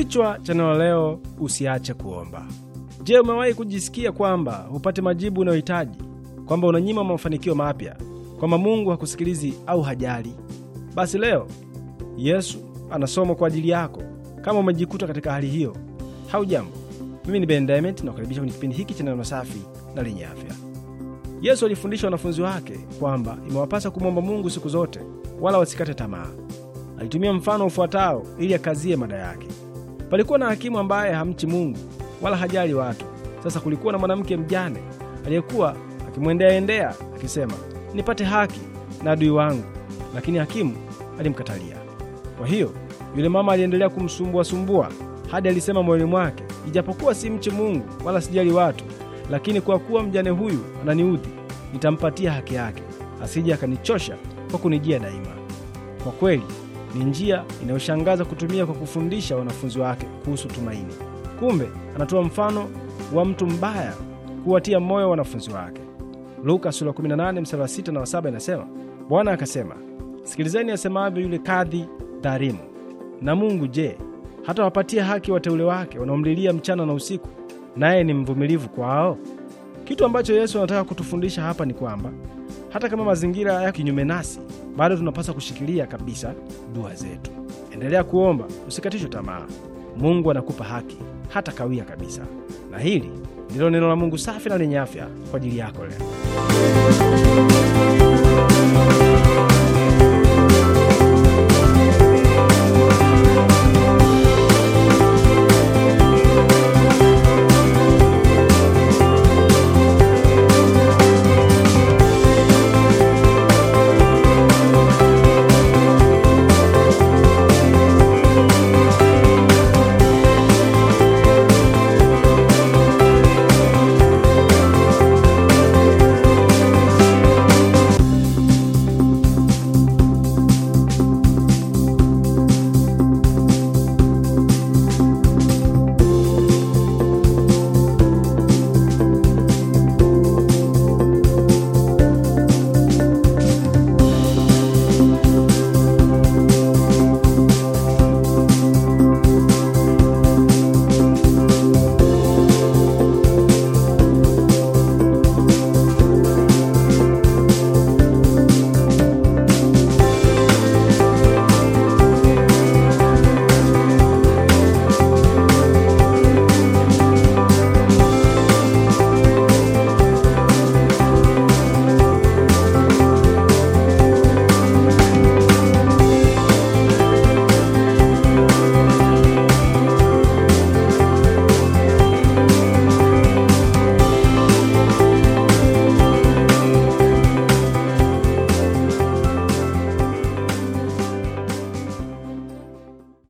Kichwa cha neno leo, usiache kuomba. Je, umewahi kujisikia kwamba hupate majibu unayohitaji, kwamba unanyima mafanikio mapya, kwamba Mungu hakusikilizi au hajali? Basi leo Yesu anasoma kwa ajili yako kama umejikuta katika hali hiyo. hau jambo, mimi ni Ben Diamond na kukaribisha kwenye kipindi hiki cha neno safi na lenye afya. Yesu alifundisha wanafunzi wake kwamba imewapasa kumwomba Mungu siku zote, wala wasikate tamaa. Alitumia mfano ufuatao ili akazie mada yake. Palikuwa na hakimu ambaye hamchi Mungu wala hajali watu. Sasa kulikuwa na mwanamke mjane aliyekuwa akimwendeaendea akisema, nipate haki na adui wangu, lakini hakimu alimkatalia. Kwa hiyo yule mama aliendelea kumsumbuasumbua hadi alisema moyoni mwake, ijapokuwa si mchi Mungu wala sijali watu, lakini kwa kuwa mjane huyu ananiudhi, nitampatia haki yake, asije akanichosha kwa kunijia daima. Kwa kweli ni njia inayoshangaza kutumia kwa kufundisha wanafunzi wake kuhusu tumaini. Kumbe anatoa mfano wa mtu mbaya kuwatia moyo wanafunzi wake. Luka sura 18 mstari 6 na 7 inasema, Bwana akasema, sikilizeni asemavyo yule kadhi dharimu Na Mungu je, hata wapatia haki wateule wake wanaomlilia mchana na usiku, naye ni mvumilivu kwao? Kitu ambacho Yesu anataka kutufundisha hapa ni kwamba hata kama mazingira ya kinyume nasi, bado tunapaswa kushikilia kabisa dua zetu. Endelea kuomba, usikatishwe tamaa. Mungu anakupa haki, hata kawia kabisa. Na hili ndilo neno la Mungu safi na lenye afya kwa ajili yako leo.